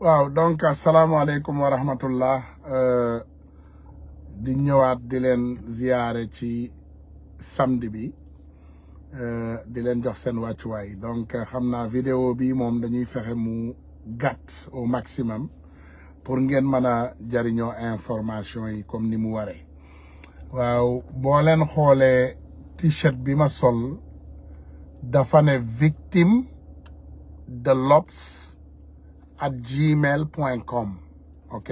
waaw donc asalaamaaleykum wa rahmatullah di ñëwaat di leen ziyaare ci samedi bi di leen jox seen wàccuwaay donc xam naa vidéo bi moom dañuy fexe mu gàtt au maximum pour ngeen mën a jariñoo information yi comme ni mu waree waaw boo leen xoolee t-shirt bi ma sol dafa ne victime de l'ops at gmail.com ok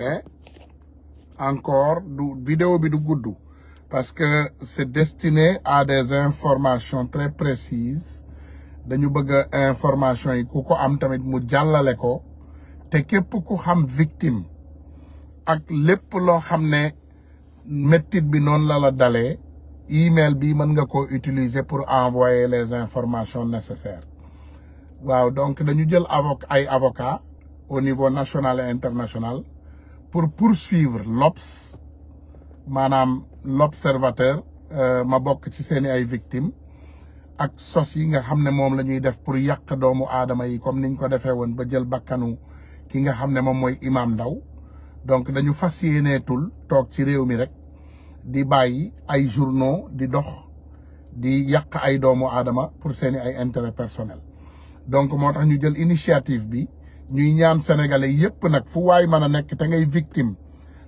encore du vidéo bi du parce que c'est destiné à des informations très précises nous bëgg information informations qui ko am tamit mu jàllale ko te kep ko xam victime ak lépp lo xam ne bi non la la email bi nga ko utiliser pour envoyer les informations nécessaires donc nous avons un avocat au niveau national et international pour poursuivre l'obs manam l'observateur euh, ma bok ci seeni ay victimes ak sos yi nga xamne ne lañuy def pour yak doomu adama yi comme niñ ko defé won ba jël bakkanu ki nga xamne ne moy Imam Ndaw donc dañu fas tul tok ci réew mi rek di bayyi ay journaux di dox di yak ay doomu adama pour seeni ay intérêt personnel donc motax ñu jël initiative bi ñuy ñaan sénégalais yépp nag fu waay mën a nekk te ngay victime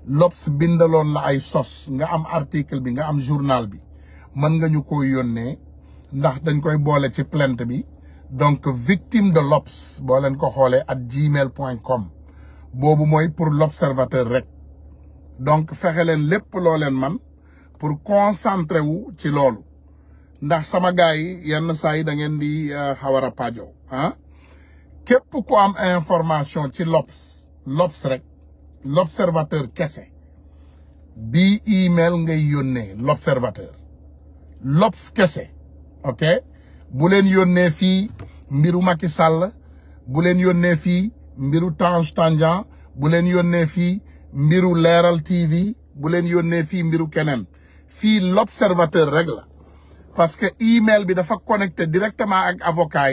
L'Obs bindaloon la ay sos nga am article bi nga am journal bi mën nga ñu ko yónnee ndax dañ koy boole ci plainte bi donc victime de L'Obs boo leen ko xoolee at gmail point com boobu mooy pour l'observateur rek donc fexe leen lépp loo leen man pour concentrer wu ci loolu ndax sama gars yi yenn saa yi da ngeen di euh, xawar a pajo ah képp ku am information ci l'Obs l'Obs rek l'observateur kese Bi email ngay yónnee l'observateur l'Obs qu'est-ce ok bu yonne yónnee fi mbiru boulen yonne bu leen mbiru Tange Tandian bu yonne yónnee fii mbiru Leral TV bu yonne yónnee fi mbiru keneen l'observateur rek parce que email bi dafa connecter directement avec avocat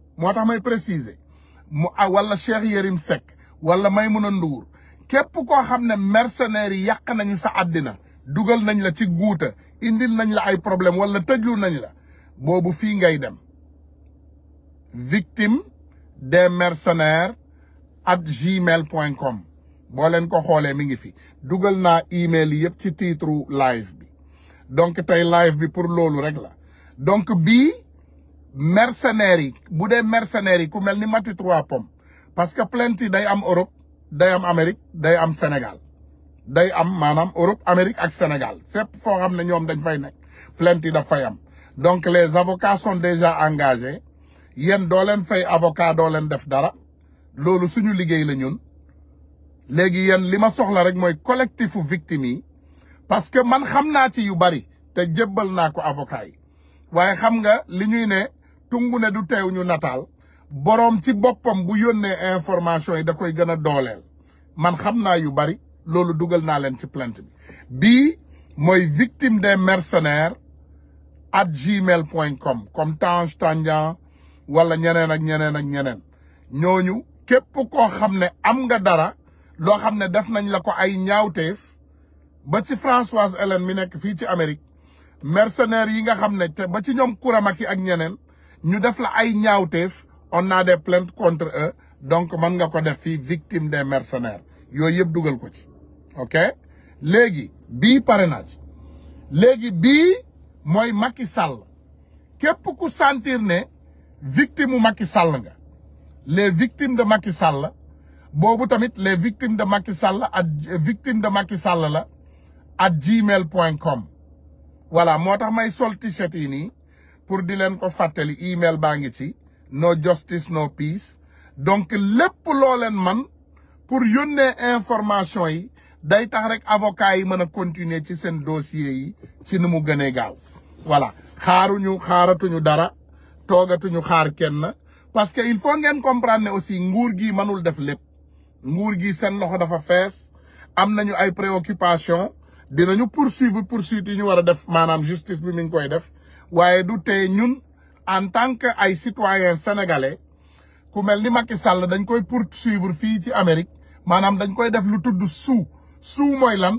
motax may préciser mu wala Cheikh Yérim sek wala Maïmouna Ndour képp ko xamne mercenaire mercenaires yàq nañu sa adina dugal nañ la ci guuta indil nañ la ay problème wala tëjlu nañ la bobu fi ngay dem victime des mercenaires at gmail.com bo len ko xolé mi ngi fi dugal na email yi yëpp ci titre live bi donc tay live bi pour lolu rek la donc bi mercenaires yi bu dee mercenaires yi ku mel ni Mati Trois Pommes parce que plainte yi day am Europe day am Amérique day am Sénégal day am maanaam Europe Amérique ak Sénégal fépp foo xam ne ñoom dañ fay nekk plainte yi daf fay am donc les avocats sont déjà engagés yéen doo leen fay avocat doo leen def dara loolu suñu liggéey la ñun léegi yéen li ma soxla rek mooy collectifu victimes yi parce que man xam naa ci yu bari te jébbal naa ko avocat yi waaye xam nga li ñuy ne tungu ne du teew nataal boroom ci boppam bu yónnee information yi da koy gën dooleel man xam naa yu bari loolu dugal naa leen ci plainte bi mooy victime des mercenaires at gmail com comme Tange Tandian wala ñeneen ak ñeneen ak ñeneen ñooñu képp ko xam ne am nga dara loo xam ne def nañ la ko ay ñaawteef ba ci Françoise Hélène mi nekk fii ci Amérique mercenaires yi nga xam ne te ba ci ñoom Kouramaki ak ñeneen ñu def la ay ñaawteef on a des plaintes contre eux donc mën nga ko def fii victime des mercenaires yooyu yëpp dugal ko ci ok léegi bii parrainage léegi bii mooy makki Sall képp ku sentir ne victime mu Macky Sall nga les victimes de Macky Sall boobu tamit les victimes de Macky Sall at Sall la at gmail point com voilà moo tax may sol t-shirt yi nii pour di ko fàttali email bangitie, ci no justice no peace donc lepp loo man pour yónnee information yi day tax rek avocat yi meuna continuer ci sen dossier yi ci numu mu gënee gaaw voilà xaaruñu xaaratuñu dara toogatuñu xaar kenn parce que il faut ngeen comprendre ne aussi nguur gi manul def lepp nguur gi sen loxo dafa fess amnañu ay préoccupation dinañu poursuivre poursuite ñu wara def manam justice bi mi koy def waaye du tee ñun en tant que ay citoyen sénégalais ku mel ni Macky Sall dañ koy pour poursuivre fii ci Amérique maanaam dañ koy def lu tudd sous sous mooy lan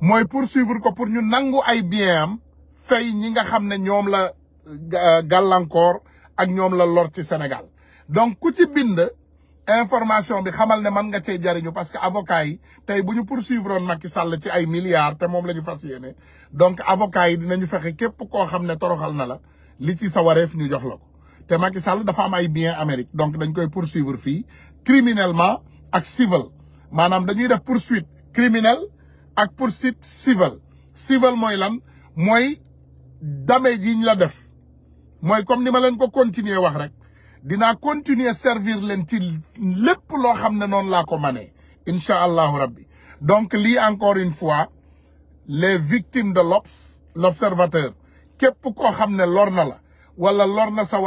mooy poursuivre ko pour ñu nangu ay bien am fay ñi nga xam ne ñoom la euh, gàllankoor ak ñoom la lor ci Sénégal donc ku ci bind information bi xamal ne man nga cey jariñu parce que avocat yi tay buñu poursuivre on Macky Sall ci ay milliards té mom lañu ñu donc avocat yi dinañu fexé képp ko xamné toroxal na la li ci sa waréf ñu jox lako té Macky Sall dafa am ay biens Amérique donc dañ koy poursuivre fi criminellement ak civil manam dañuy def poursuite criminelle ak poursuite civil civil moylan lan moy damage yi ñu la def moy comme ni ma ko continuer wax rek dina continuer servir lentil ci qui ne ko mané inshallah donc li encore une fois les victimes de l'obs l'observateur kep ko xamne ne la wala wala sa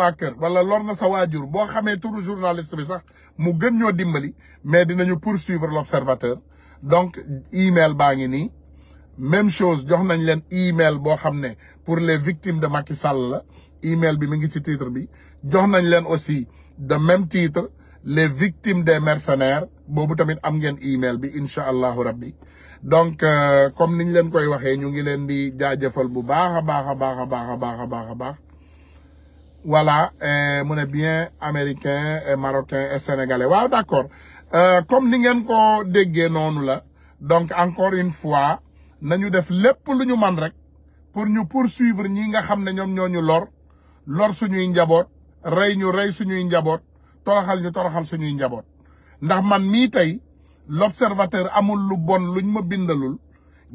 journaliste bi sax mu mais dinañu poursuivre l'observateur donc email baa ni même chose jox nañ len email bo pour les victimes de Macky Sall email bi mi titre jox Len aussi de même titre les victimes des mercenaires Vous tamit email bi donc euh, comme niñ koy dit, ñu ngi dit, di bu voilà bien américain et euh, marocain et sénégalais d'accord euh, comme donc encore une fois pour nous poursuivre ñi nga lor lor rey ñu rey suñuy njaboot toroxal ñu toroxal suñuy njaboot ndax man mii tey l'observateur amul lu bon luñ ma bindalul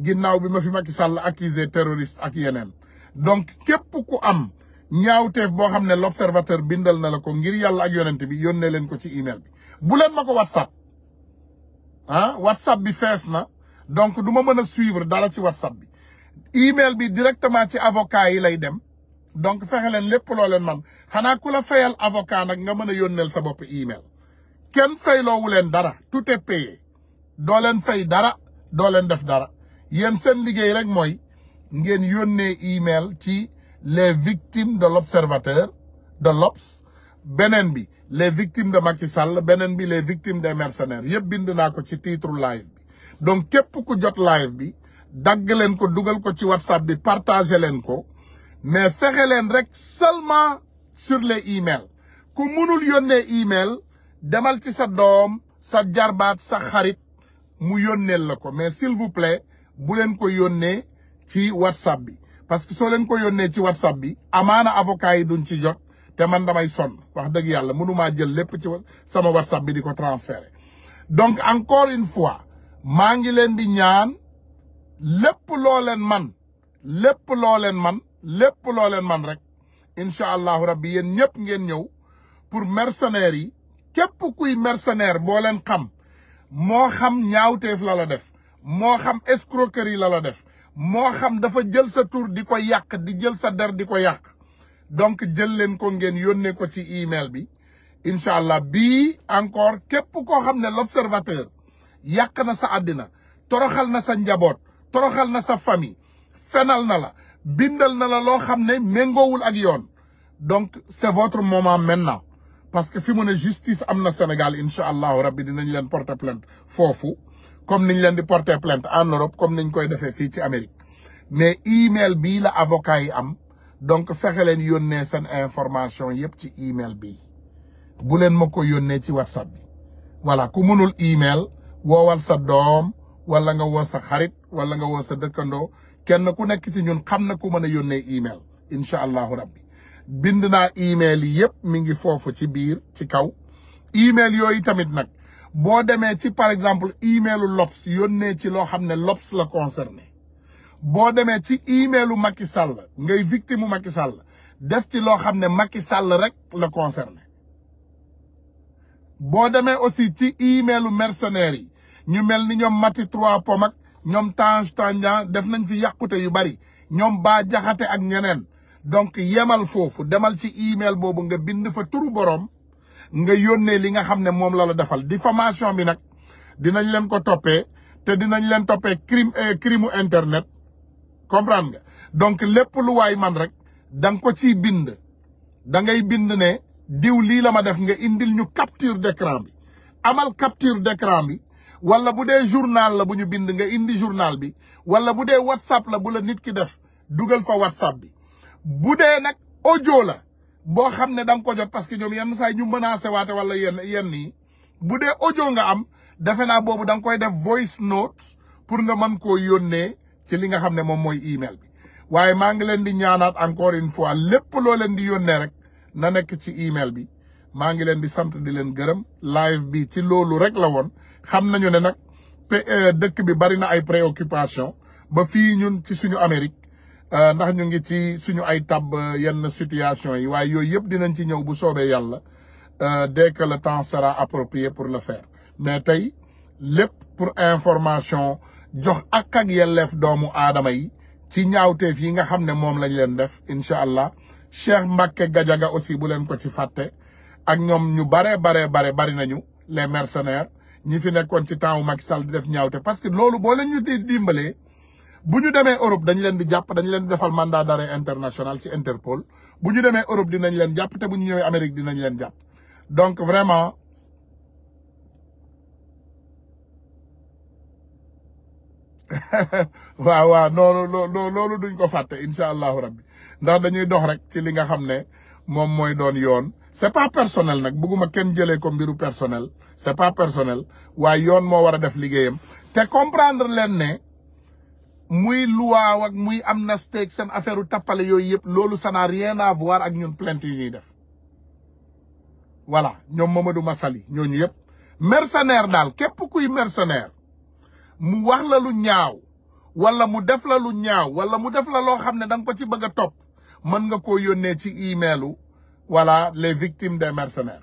ginnaaw bi ma fi Macky Sall accusé terroriste ak yeneen donc képp ku am ñaawteef boo xam ne l'observateur bindal na la ko ngir yàlla ak yonent bi yónnee leen ko ci email bi bu leen ma ko whatsapp ah whatsapp bi fees na donc duma mën a suivre dala ci whatsapp bi email bi directement ci avocat yi lay dem donc fexe leen lépp loo leen man xana kula la fayal avocat nak nga mën yonnel sa bop email kenn fayloowu wulen dara tout est payé do len fay dara do len def dara yéen sen liguey rek moy ngeen yonne email ci les victimes de l'observateur de l'ops benen bi les victimes de Macky Sall benen bi les victimes des mercenaires yeb bind naa ko ci titre live bi donc kep ku jot live bi dagg leen ko dougal ko ci whatsapp bi partager leen ko mais fexe rek seulement sur les emails ku munul email demal ci sa dom sa jarbat sa xarit mu lako mais s'il vous plaît bu len ko yónnee ci whatsapp bi parce que so len ko yónnee ci whatsapp bi amana avocat yi duñ ci jot te man damay son wax deug yalla munuma jël lepp ci sama whatsapp bi di transférer donc encore une fois mangi ngi le di ñaan lepp lo len lépp loo leen man rek incha allah rabbi yéen ñëpp ngeen ñëw pour mercenaires yi képp kuy mercenaire boo leen xam moo xam ñaawteef la la def moo xam yi la la def moo xam dafa jël sa tur di ko yàq di jël sa der di ko yàq donc jël leen ko ngeen yónnee ko ci email bi incha allah bii encore képp koo xam ne l'observateur yàq na sa àddina toroxal na sa njaboot toroxal na sa famille fenal na la bindal na la lo xamné ne ak yoon donc c'est votre moment maintenant parce que fi mu ne justice amna Sénégal inshallah allahu rabbi dinañ len porter plainte Fofu, comme niñ len di porter plainte en Europe comme niñ koy défé fi ci Amérique mais email bi la avocat yi am donc fexé len yónnee seen information yëpp ci email bi bu len mako ko ci WhatsApp bi voilà ku mënul email woowal sa dom wala nga wo sa xarit wala nga wo sa kenn ku nekk ci ñun xam na ku mën a yónnee email incha allahu rabbi bind naa email yi yëpp mi ngi foofu ci biir ci kaw email yooyu tamit nag boo demee ci par exemple emailu L'Obs yónnee ci loo xam ne L'Obs la concerné boo demee ci emailu Macky Sall ngay victime mu Macky Sall def ci loo xam ne Macky Sall rek la conserné boo demee aussi ci emailu mercenaires yi ñu mel ni ñoom Mati trois Pomak ñoom Tange Tandian def nañ fi yàqute yu bari ñoom baa jaxate ak ñeneen donc yemal foofu demal ci email boobu nga bind fa turu boroom nga yónnee li nga xam ne moom la la defal diffamation bi nag dinañ leen ko toppee te dinañ leen toppee crime euh, crime internet comprendre nga donc lépp lu waay man rek da ko ci bind da ngay bind ne diw lii la ma def nga indil ñu capture d'écran bi amal capture d'écran bi wala bu dee journal la bu ñu bind nga indi journal bi wala bu dee whatsapp la bu la nit ki def dugal fa whatsapp bi bu dee nag audio la boo xam ne da nga ko jot parce que ñoom yenn saa ñu menacé waate wala yenn yenn yi bu dee audio nga am defe naa boobu da koy def voice note pour nga man koo yónnee ci li nga xam ne moom mooy email bi waaye maa ngi leen di ñaanaat encore une fois lépp loo leen di yónnee rek na nekk ci email bi maa ngi leen di sant di leen gërëm live bi ci loolu rek la woon xam nañu ne nag euh, dëkk bi bari na ay préoccupation ba fi ñun ci suñu Amérique euh, ndax ñu ngi ci suñu ay tab euh, yenn situation yi way yoy yëpp dinañ ci ñëw bu yalla euh dès que le temps sera approprié pour le faire mais tay lepp pour information jox ak ak yelef doomu adama yi ci ñaawte fi nga xamne mom lañ leen def inshallah allah Cheikh Mbacke gajaga aussi bu leen ko ci fàtte ak ñom ñu bare bare bare bari nañu les mercenaires ñi fi nekkoon ci temps wu Macky Sall di def ñaawte parce que loolu boo leen ñu di dimbalee bu ñu demee Europe dañ leen di jàpp dañ leen di defal mandat d'arrêt international ci Interpol bu ñu demee Europe dinañ leen jàpp te bu ñu dinañ leen jàpp donc vraiment waaw waaw loolu loolu duñ ko fàtte incha allahu rabbi ndax dañuy dox rek ci li nga xam ne moom mooy doon yoon c'est pas personnel nag buguma ken jëlee ko mbiru personnel c'est pas personnel wa yoon mo wara def te comprendre len ne muy loi ak muy amnistie ak sen affaireu u yoy lolo yëpp ça n'a rien à voir ak ñun plainte yi def voilà ñom Mamadou Massali ñoñu yëpp mercenaire dal képp kuy mercenaire mu wax la lu ñaaw wala mu def la lu ñaaw wala mu def la lo xam dang ko ci bëgg top man nga ko ci emailu voilà les victimes des mercenaires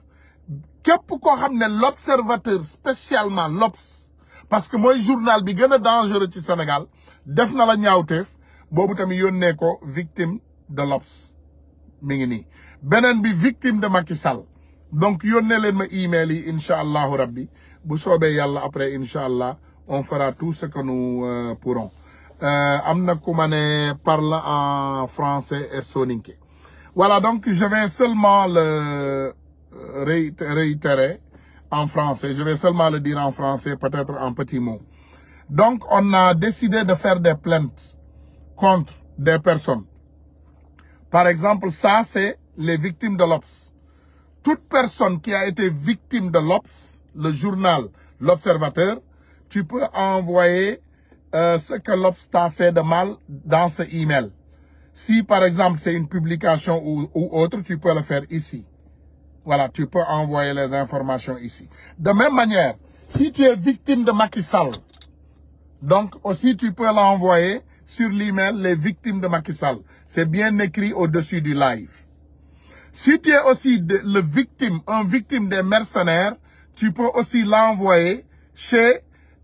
Qu'est-ce l'observateur spécialement l'ops parce que moi, journal bi y a dangereux au Sénégal def na la ñaawteef bobu tamit yónnee ko victime de l'Obs mi ngi nii bi victime de Macky Sall donc yónnee leen ma email yi inshallah, rabbi bu après inshallah, on fera tout ce que nous euh, pourrons euh, amna parle en français et soninké voilà, donc je vais seulement le euh, réitérer en français. Je vais seulement le dire en français, peut-être en petits mots. Donc, on a décidé de faire des plaintes contre des personnes. Par exemple, ça, c'est les victimes de l'OPS. Toute personne qui a été victime de l'OPS, le journal, l'observateur, tu peux envoyer euh, ce que l'OPS t'a fait de mal dans ce email. Si par exemple c'est une publication ou, autre, tu peux le faire ici. Voilà, tu peux envoyer les informations ici. De même manière, si tu es victime de Macky Sall, donc aussi tu peux l'envoyer sur l'email les victimes de Macky Sall. C'est bien écrit au-dessus du live. Si tu es aussi le victime, un victime des mercenaires, tu peux aussi l'envoyer chez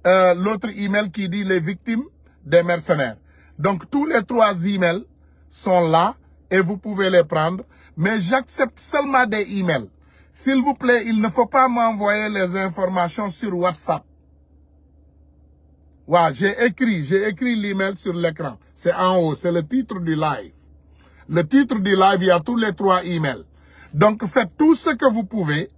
euh, l'autre email qui dit les victimes des mercenaires. Donc tous les trois emails sont là et vous pouvez les prendre. Mais j'accepte seulement des emails. S'il vous plaît, il ne faut pas m'envoyer les informations sur WhatsApp. Ouais, j'ai écrit, j'ai écrit l'email sur l'écran. C'est en haut, c'est le titre du live. Le titre du live, il y a tous les trois emails. Donc faites tout ce que vous pouvez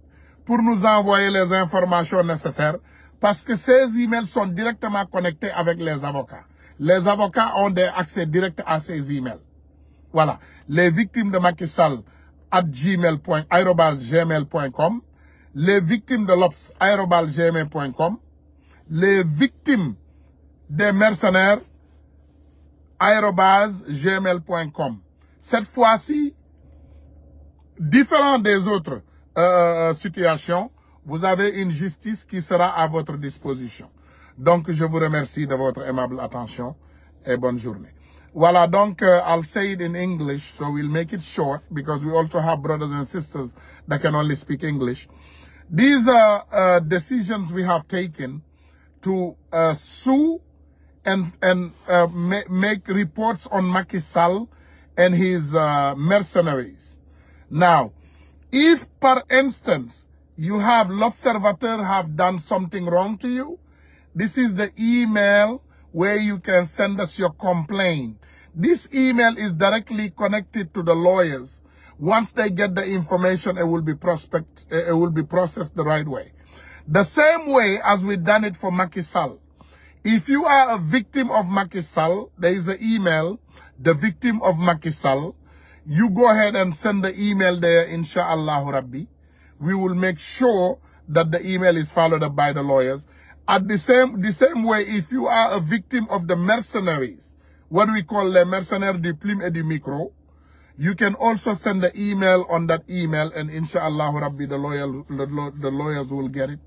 pour nous envoyer les informations nécessaires parce que ces emails sont directement connectés avec les avocats. Les avocats ont des accès directs à ces emails. Voilà. Les victimes de Macky Sall at gmail.com. Les victimes de l'Ops gmail.com. Les victimes des mercenaires, gmail.com. Cette fois-ci, différent des autres euh, euh, situations, vous avez une justice qui sera à votre disposition. Donc, je vous remercie de votre aimable attention et bonne journée. Well, I don't, uh, I'll say it in English, so we'll make it short because we also have brothers and sisters that can only speak English. These are uh, decisions we have taken to uh, sue and, and uh, ma make reports on Macky Sall and his uh, mercenaries. Now, if, per instance, you have l'observateur have done something wrong to you, this is the email where you can send us your complaint. This email is directly connected to the lawyers. Once they get the information, it will be prospect, eh, it will be processed the right way. The same way as we done it for Makisal. If you are a victim of Makisal, there is an email, the victim of Makisal. You go ahead and send the email there, inshallah, Rabbi. We will make sure that the email is followed up by the lawyers. At the same, the same way, if you are a victim of the mercenaries, what we call the mercenaires de plume et du micro, you can also send the email on that email and inshallah Rabbi, the, lawyers, the lawyers will get it.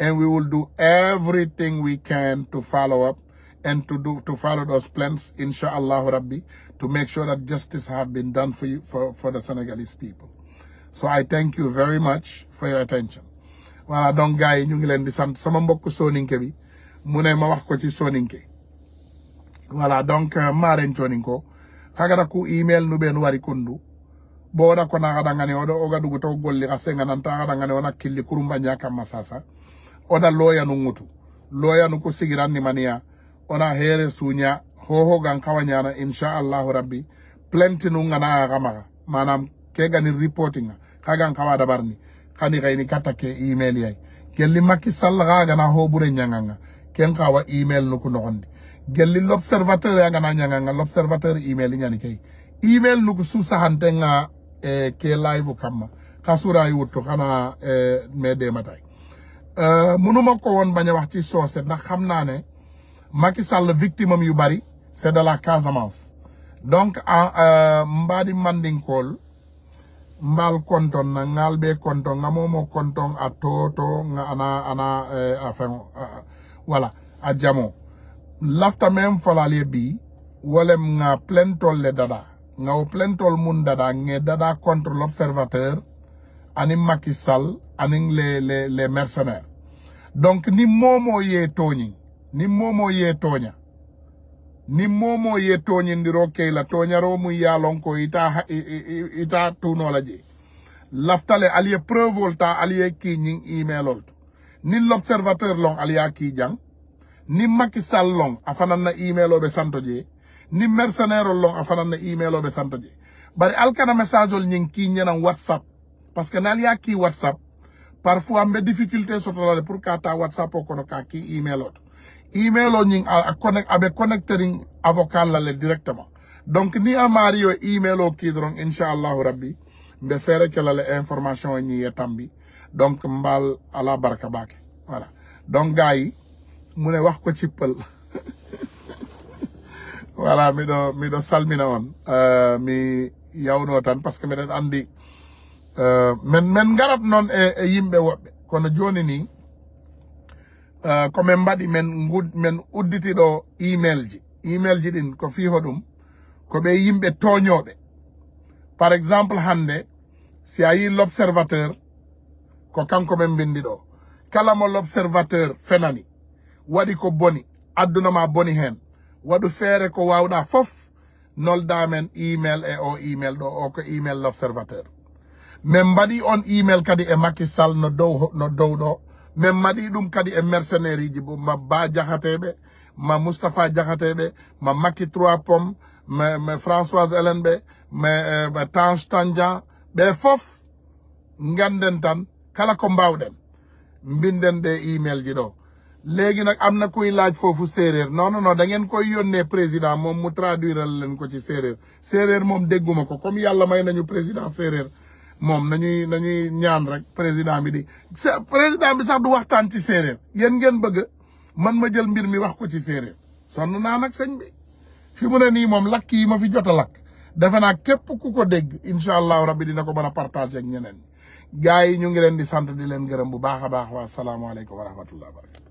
And we will do everything we can to follow up and to do to follow those plans, inshallah Rabbi, to make sure that justice have been done for you for, for the Senegalese people. So I thank you very much for your attention. voilà donc gars yi ñu ngi leen di sant sama mbokk soninke bi mu ne ma wax ko ci soninke voilà donc euh, maren coninko hagata ku email nu ɓen wari kondu bowoɗa kona haɗa gane oɗo oga ɗugu taw golli nan ta haɗa ne wona killi kurumbaña kamma sasa oɗa ngutu loya loyanu ko sigiran ni mania ona here suña hohogan insha allah rabbi plenty nu gana ha kamaha manam ke gani ka hagan kawa barni kani kata katake email yai gelli Macky sal ga gana hobure nyanganga ken kawa email nuku nokondi gelli l'observateur ya gana nyanganga l'observateur email nyani kay email nuku susa hantenga e ke live kamma kasura yuto kana e mede matay euh munuma ko won baña wax ci sosse ndax xamna ne Macky sal victimum yu bari c'est de la Casamance donc en euh mbadi call mbal konton na ngal be konton nga momo konton a toto nga ana ana eh, afen uh, wala a jamo lafta men folale bi wolem nga plentol le dada nga o plentol mun dada nge dada contre l'observateur ani Macky Sall ani les les les mercenaires donc ni momo ye toñi ni momo ye toña ni momo ye toñindiro keyla toñaro mu ya ko ita ita tunola je laftale aliye preuve volta aliye ki ñing email ni l'observateur long aliya ki jang ni Macky Sall long afanan na email obe santo ni mercenaire long afanan na email obe santo bari alkana message ol ning ki whatsapp parce que naliya ki whatsapp parfois mbe difficulté sotolale pour ta whatsapp o no ka ki email email ñing a abe connecting avocat la directement donc ni a mario email o kidron inchallah rabbi mbe fere ke la le information ñi yetambi donc mbal ala bake voilà donc gars yi mu ne wax ko ci pël voilà mi ɗo salmina on euh, mi yawno tan par ce que mbiɗen anndi euh, men men ngarat noon e, e yimɓe woɓɓe kono jooni Ah, koɓe mbaɗi men men udditiɗo email ji ɗin ko fi hoɗum ko ɓe yimɓe toñoɓe par exemple hande si a yi l' ko kanko men mbindi ɗo kala mo l' fenani waɗi ko boni addunama boni hen waɗu feere ko wawɗa fof nolda men email e o email ɗo o ko email l' observateur mbaɗi on email kadi e makisal no dow ɗo nden maɗi ɗum kadi e mercenaire iji ma ba jahateɓe ma moustapha jahateɓe ma makki trois pomme ma ma françoise hélène ɓe ma euh, ma tange tandian ɓe fof ganden tan kala ko mbawɗen mbinden ɗe email ji ɗo léegi nag am na kuy laaj foofu séeréer non non non da ngeen koy yónnee président moom mu traduire leen ko ci séeréer séeréer moom dégguma ko comme yàlla may nañu président séeréer moom nañuy ñuy ñaan rek président bi di président bi sax du waxtaan ci séeréer yéen ngeen bëgg man ma jël mbir mi wax ko ci séeréer sonn naa nag sëñ bi fi mu ne nii moom lakk yi ma fi jota lakk defe naa képp ku ko dégg incha allahu rabbi dina ko mën a partage ak ñeneen gars yi ñu ngi leen di sant di leen gërëm bu baax a baax wa salaamualeykum wa rahmatullah wa